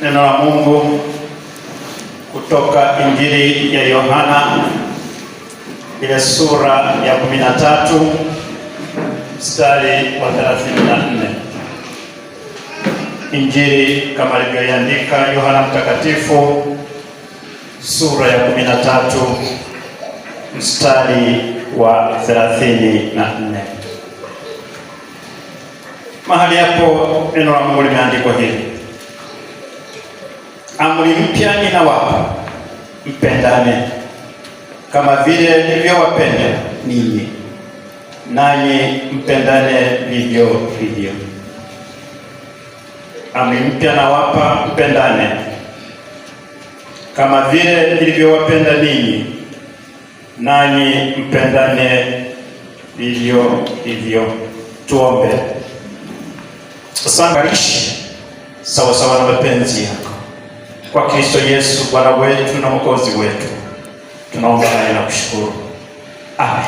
Neno la Mungu kutoka Injili ya Yohana ile sura ya 13 mstari wa 34. Injili kama alivyoiandika Yohana Mtakatifu sura ya 13 mstari wa 34. Mahali hapo neno la Mungu limeandikwa hivi: amri mpya ninawapa, mpendane kama vile nilivyowapenda ninyi, nanyi mpendane vivyo hivyo. Amri mpya nawapa, mpendane kama vile nilivyowapenda ninyi, nanyi mpendane vivyo hivyo. Tuombe. Asante, sawa sawa na mapenzi yako kwa Kristo Yesu Bwana wetu na Mwokozi wetu. Tunaomba haya na kushukuru. Amen.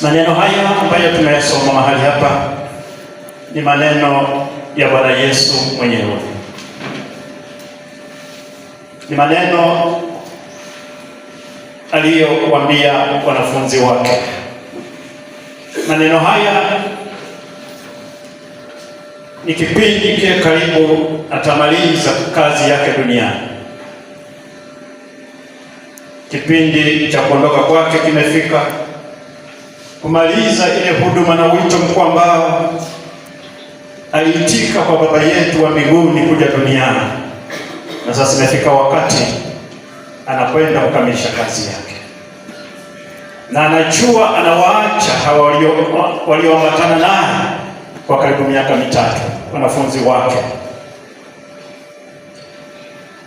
Maneno haya ambayo tunayasoma mahali hapa ni maneno ya Bwana Yesu mwenyewe, ni maneno aliyowaambia wanafunzi wake. Maneno haya ni kipindi pia karibu atamaliza kazi yake duniani. Kipindi cha kuondoka kwake kimefika, kumaliza ile huduma na wito mkuu ambao aliitika kwa Baba yetu wa mbinguni kuja duniani, na sasa imefika wakati anakwenda kukamilisha kazi yake, na anajua anawaacha hawa walioambatana naye kwa karibu miaka mitatu wanafunzi wake,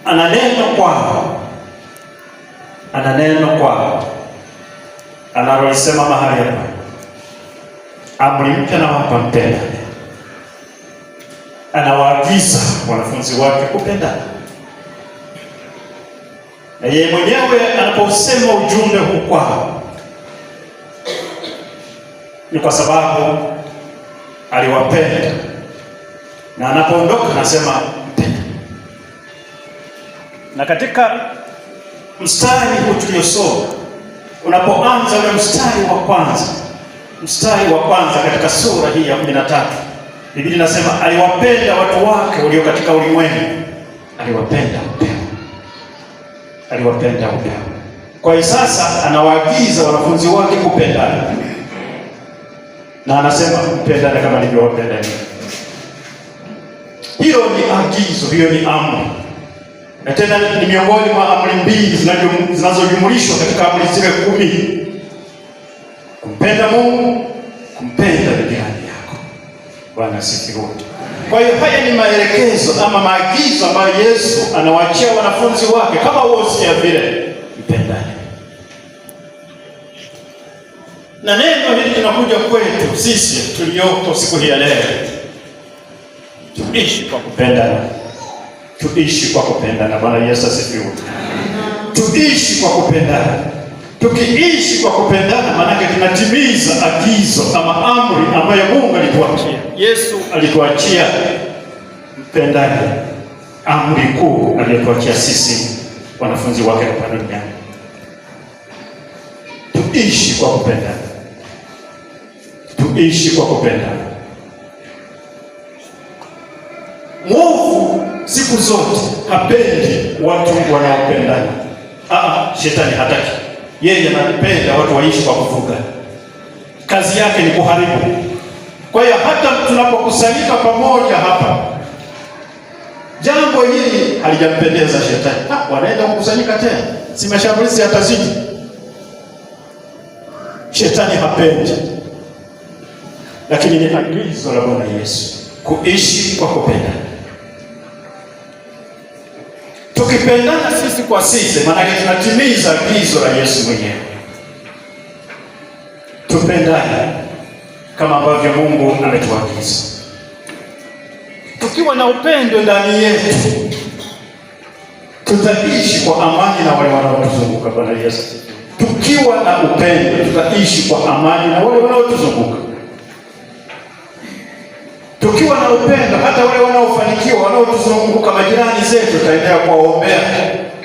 ana neno kwao, ana neno kwao analolisema mahali hapa, amri mpya nawapa, mpendane. Anawaagiza wanafunzi wake kupendana, na yeye mwenyewe anaposema ujumbe huu kwao ni kwa sababu aliwapenda na anapoondoka anasema mpenda. Na katika mstari huu tuliosoma, unapoanza ule mstari wa kwanza, mstari wa kwanza katika sura hii ya kumi na tatu, Biblia inasema aliwapenda watu wake walio katika ulimwengu, aliwapenda upeo, aliwapenda upeo. Kwa hiyo sasa anawaagiza wanafunzi wake kupendana, na anasema mpendane kama nilivyowapenda mimi hiyo ni agizo, hiyo ni amri, na tena ni miongoni mwa amri mbili zinazojumulishwa katika amri zile kumi: kumpenda Mungu, kumpenda jirani yako. Bwana asifiwe. Kwa hiyo haya ni maelekezo ama maagizo ambayo Yesu anawaachia wanafunzi wake kama wosia vile, mpendane. Na neno hili linakuja kwetu sisi tulioko siku hii ya leo tuishi kwa kupendana, tuishi kwa kupendana. Bwana Yesu asifiwe. Tuishi kwa kupendana. Tukiishi kwa kupendana, maanake tunatimiza agizo ama amri ambayo Mungu alituachia, Yesu alituachia, mpendane, amri kuu aliyotuachia sisi wanafunzi wake hapa duniani. Tuishi kwa kupendana, tuishi kwa kupendana Mwovu siku zote hapendi watu wanaopendana. Ah, shetani hataki, yeye anapenda watu waishi kwa kuvuga. Kazi yake ni kuharibu. Kwa hiyo hata tunapokusanyika pamoja hapa, jambo hili halijampendeza shetani. Ah, wanaenda kukusanyika tena, si mashambulizi yatazidi. Shetani hapendi, lakini ni agizo la Bwana Yesu kuishi kwa kupenda Tukipendana sisi kwa sisi, maanake tunatimiza agizo la Yesu mwenyewe. Tupendane kama ambavyo Mungu ametuagiza. Tukiwa na upendo ndani yetu, tutaishi kwa amani na wale wanaotuzunguka. Bwana Yesu, tukiwa na upendo tutaishi kwa amani na wale wanaotuzunguka. Ukiwa na upendo, hata wale wanaofanikiwa wanaotuzunguka majirani zetu, tutaendelea kuwaombea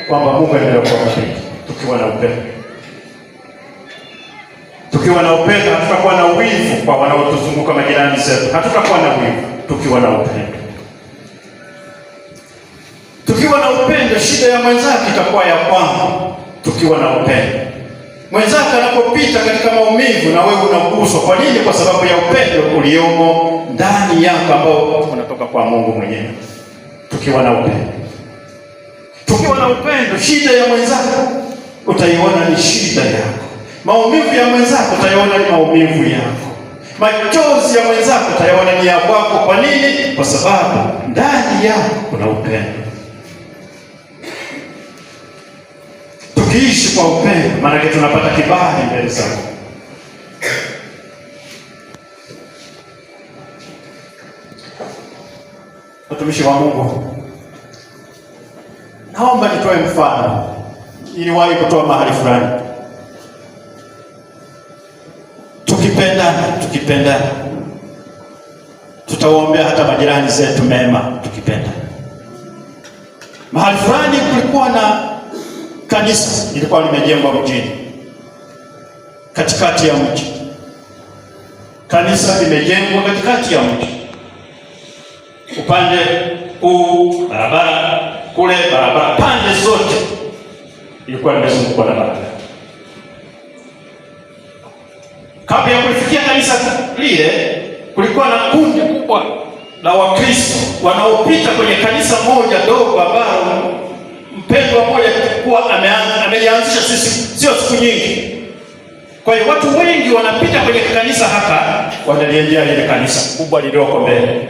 kwamba Mungu aendelee kuwabariki, tukiwa na upendo. Tukiwa na upendo, hatutakuwa na wivu kwa wanaotuzunguka majirani zetu, hatutakuwa na wivu tukiwa na upendo. Tukiwa na upendo, shida ya mwenzake itakuwa ya kwangu. Tukiwa na upendo, mwenzake anapopita katika maumivu na wewe unaguswa. Kwa nini? Kwa sababu ya upendo uliomo ndani yako ambao unatoka kwa Mungu mwenyewe. Tukiwa na upendo, tukiwa na upendo, shida ya mwenzako utaiona ni shida yako, maumivu ya mwenzako utaiona ni maumivu yako, machozi ya mwenzako utaiona ni ya kwako. Kwa nini? Kwa sababu ndani yako kuna upendo. Tukiishi kwa upendo, maanake tunapata kibali mbele zako. Mtumishi wa Mungu, naomba nitoe mfano. Niliwahi kutoa mahali fulani, tukipendana tukipendana tutawaombea hata majirani zetu mema, tukipenda. Mahali fulani kulikuwa na kanisa lilikuwa limejengwa mjini, katikati ya mji. Kanisa limejengwa katikati ya mji upande huu barabara, kule barabara, pande zote ilikuwa imezungukwa na barabara. Kabla ya kulifikia kanisa lile, kulikuwa na kundi kubwa la Wakristo wanaopita kwenye kanisa moja dogo ambalo mpendwa moja kuwa amelianzisha sisi, sio siku nyingi. Kwa hiyo watu wengi wanapita kwenye kanisa hapa wanaliendea lile kanisa kubwa lililoko mbele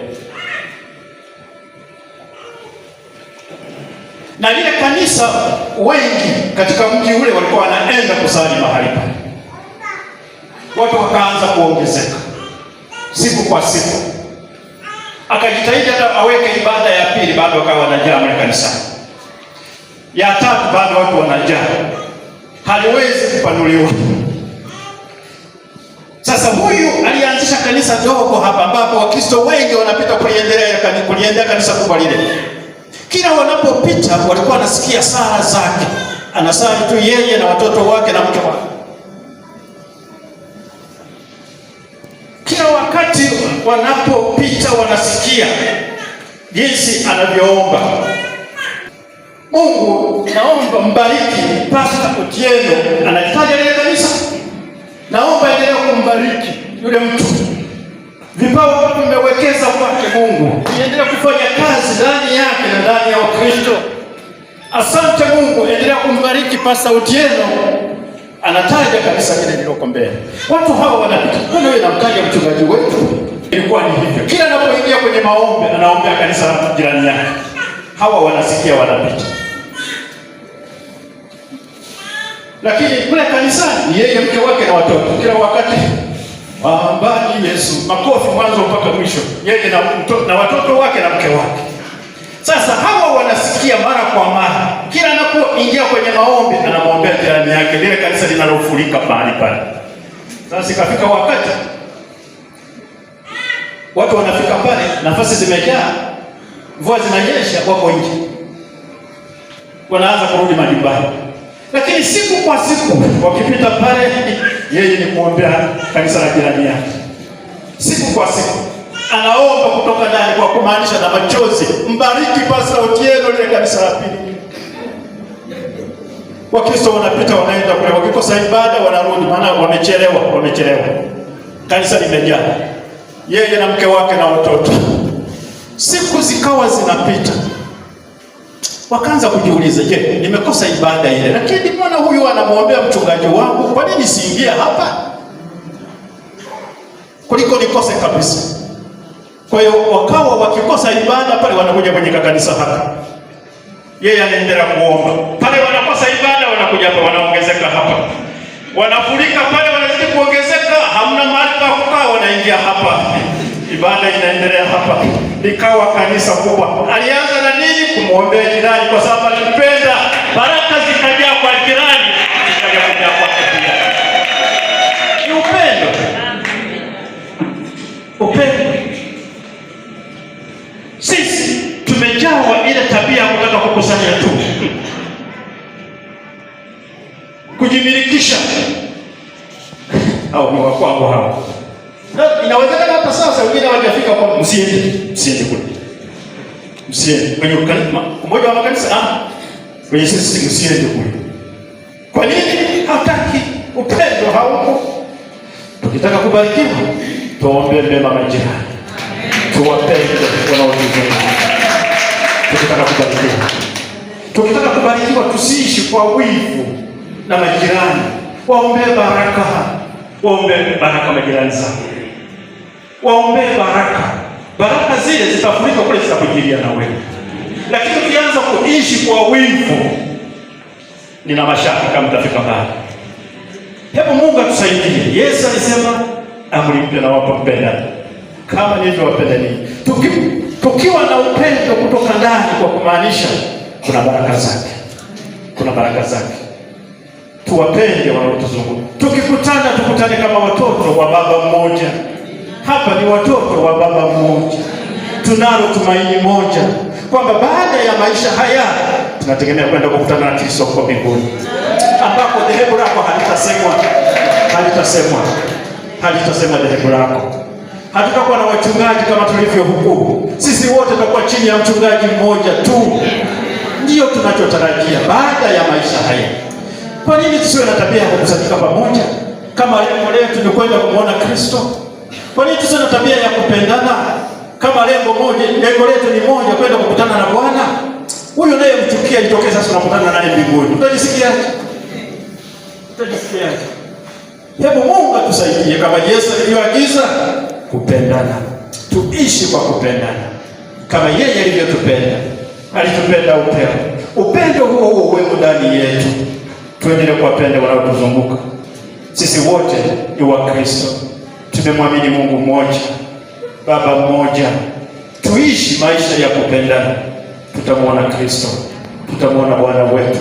na lile kanisa, wengi katika mji ule walikuwa wanaenda kusali mahali pale. Watu wakaanza kuongezeka siku kwa siku, akajitahidi hata aweke ibada ya pili, bado wakawa wanajaa mle kanisani, ya tatu bado watu wanajaa, haliwezi kupanuliwa. Sasa huyu alianzisha kanisa dogo hapa, ambapo Wakristo wengi wanapita kuliendea kanisa kubwa lile kila wanapopita walikuwa wanasikia sala zake, anasali tu yeye na watoto wake na mke wake. Kila wakati wanapopita wanasikia jinsi anavyoomba Mungu, naomba mbariki Pasta Otieno, anahitaji ile kanisa, naomba endelea kumbariki yule mtu vipawa ambavyo vimewekeza kwake Mungu endelea kufanya kazi ndani yake na ndani ya Wakristo. Asante Mungu, endelea kumbariki pasa utieno Anataja kabisa kile lililoko mbele, watu hawa wanapita. Kwani wewe namtaja mchungaji wetu? Ilikuwa ni hivyo, kila anapoingia kwenye maombi anaombea kanisa la jirani yake. Hawa wanasikia wanapita, lakini kule kanisani yeye, mke wake na watoto kila wakati Waambani Yesu, makofi mwanzo mpaka mwisho, yeye na, na watoto wake na mke wake. Sasa hawa wanasikia mara kwa mara, kila anapoingia kwenye maombi anamwombea jirani yake, lile kanisa linalofurika mahali pale. Sasa ikafika wakati watu wanafika pale, nafasi zimejaa, mvua zinanyesha, wako nje, wanaanza kurudi majumbani, lakini siku kwa siku wakipita pale yeye ni kuombea kanisa la jirani yake siku kwa siku, anaomba kutoka ndani kwa kumaanisha na machozi, mbariki Pasta Otieno lile kanisa la pili. Wakristo wanapita wanaenda kule, wakikosa ibada wanarudi, maana wamechelewa, wamechelewa, kanisa limejaa, yeye na mke wake na watoto. Siku zikawa zinapita. Wakaanza kujiuliza, je, nimekosa ibada ile? Lakini mbona huyu anamwombea mchungaji wangu? Kwa nini siingia hapa kuliko nikose kabisa? Kwa hiyo wakawa wakikosa ibada pale, wanakuja kwenye kanisa hapa, yeye anaendelea kuomba pale, wanakosa ibada, wanakuja hapa, wanaongezeka hapa, wanafurika pale, wanazidi kuongezeka, hamna mahali pa kukaa, wanaingia hapa ibada inaendelea hapa, likawa kanisa kubwa. Alianza na nini? Kumwombea jirani, kwa sababu alipenda baraka zikaja kwa jirani, zikaja kwa ni upendo, upendo. Sisi tumejawa ile tabia ya kutaka kukusanya tu, kujimilikisha au ni wa kwangu hao, inawezekana sasa wengine hawajafika kwa msiende, msiende kule, msiende kwenye kanisa, mmoja wa makanisa ah, kwenye sisi msiende kule. Kwa nini? Hataki upendo hauko. Tukitaka kubarikiwa, tuombe mema majirani, tuwapende wanaotuzunguka. Tukitaka kubarikiwa, tukitaka kubarikiwa, tusiishi kwa wivu na majirani, Waombe baraka, Waombe baraka majirani zao waombee baraka. Baraka zile zitafurika kule, zitakujilia na wewe. Lakini ukianza kuishi kwa wivu, nina mashaka kama mtafika mbali. Hebu Mungu atusaidie. Yesu alisema amri mpya nawapa, mpendane kama nilivyowapenda ninyi. Tuki, tukiwa na upendo kutoka ndani, kwa kumaanisha kuna baraka zake, kuna baraka zake. Tuwapende wanaotuzunguka. Tukikutana tukutane kama watoto wa baba mmoja hapa ni watoto wa baba mmoja. Tunalo tumaini moja kwamba baada ya maisha haya tunategemea kwenda kukutana na Kristo huko mbinguni, ambapo dhehebu lako halitasemwa, halitasemwa, halitasemwa dhehebu lako. Hatutakuwa na wachungaji kama tulivyo huku. Sisi wote tutakuwa chini ya mchungaji mmoja tu. Ndiyo tunachotarajia baada ya maisha haya. Kwa nini tusiwe na tabia ya kukusanyika pamoja kama lengo letu ni kwenda kumwona Kristo? Kwa nini tusiwe na tabia ya kupendana kama lengo moja, lengo letu ni moja, kwenda kukutana na Bwana? Huyo naye mchukia itokee sasa tunakutana naye mbinguni. utajisikia utajisikia. Hebu Mungu atusaidie kama Yesu alivyoagiza kupendana. Tuishi kwa kupendana kama yeye alivyotupenda. Alitupenda upendo. Upendo huo huo uwe ndani yetu. Tuendelee kuwapenda wanaotuzunguka. Sisi wote ni Wakristo tumemwamini Mungu mmoja, Baba mmoja, tuishi maisha ya kupendana, tutamwona Kristo, tutamwona Bwana wetu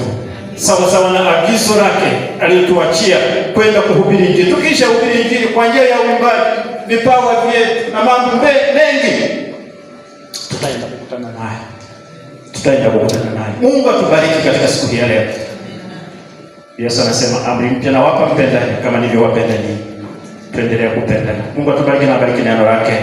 sawasawa na agizo lake aliyotuachia kwenda kuhubiri Injili. Tukisha hubiri Injili kwa njia ya uimbaji, vipawa vyetu na mambo mengi, tutaenda kukutana naye, tutaenda kukutana naye. Mungu atubariki katika siku hii ya leo. Yesu anasema amri mpya nawapa, mpendane kama nilivyowapenda ninyi. prendere a cuperla. Mungu atubariki na bariki neno lake.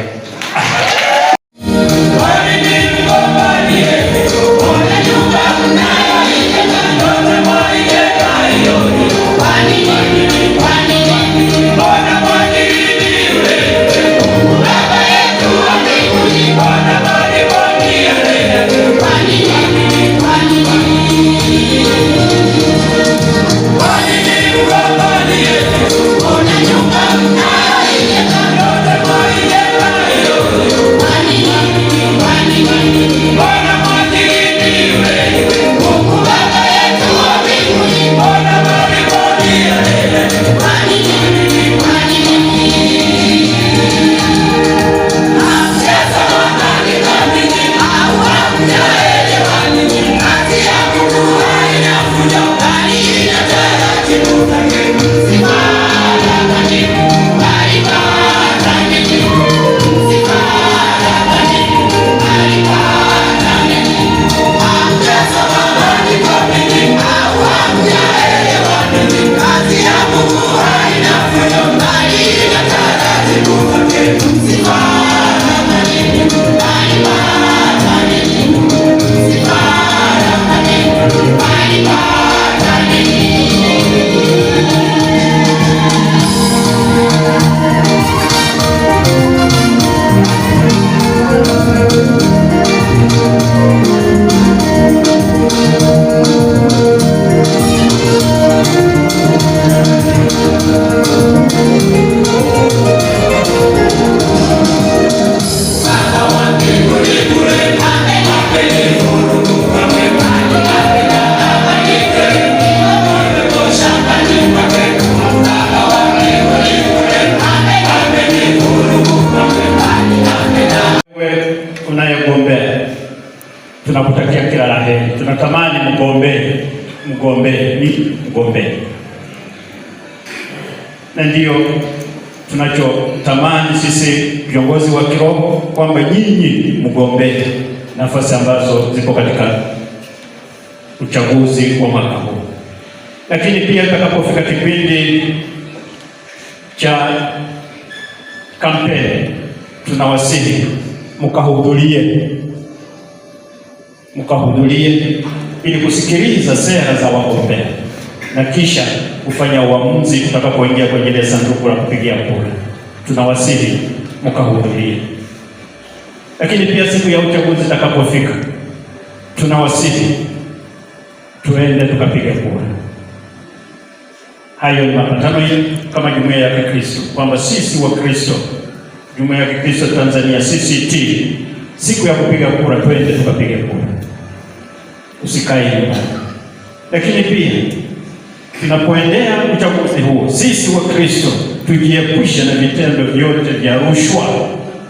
tunakutakia kila la heri, tunatamani mgombee, mgombee ni mgombee, na ndiyo tunachotamani sisi viongozi wa kiroho kwamba nyinyi mgombee nafasi ambazo ziko katika uchaguzi wa mwaka huu, lakini pia tutakapofika kipindi cha kampeni tunawasihi mkahudhurie mkahudhurie ili kusikiliza sera za wagombea na kisha kufanya uamuzi tutakapoingia kwenye ile sanduku la kupigia kura. Tunawasili mkahudhurie, lakini pia siku ya uchaguzi itakapofika, tunawasili tuende tukapiga kura. Hayo ni mapatano yetu kama jumuiya ya Kikristo kwamba sisi wa Kristo, jumuiya ya Kikristo Tanzania CCT, siku ya kupiga kura twende tukapiga kura usikae nyumbani. Lakini pia tunapoendea uchaguzi huo, sisi wa Kristo tujiepushe na vitendo vyote vya rushwa,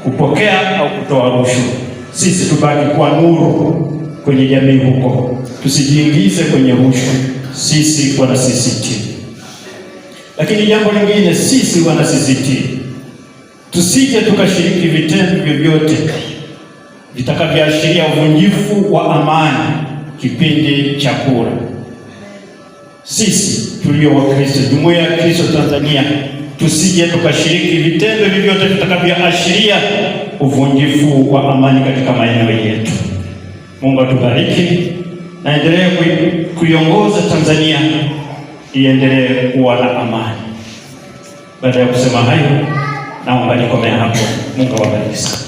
kupokea au kutoa rushwa. Sisi tubaki kwa nuru kwenye jamii huko, tusijiingize kwenye rushwa, sisi wana CCT. Lakini jambo lingine, sisi wana CCT tusije tukashiriki vitendo vyovyote vitakavyoashiria uvunjifu wa amani kipindi cha kura. Sisi tulio Kristo, jumuiya ya Kristo Tanzania, tusije tukashiriki vitendo vyovyote vitakavyoashiria uvunjifu wa amani katika maeneo yetu. Mungu atubariki, naendelee kuiongoza Tanzania iendelee kuwa na amani. Baada ya kusema hayo, naomba nikomea hapo. Mungu awabariki.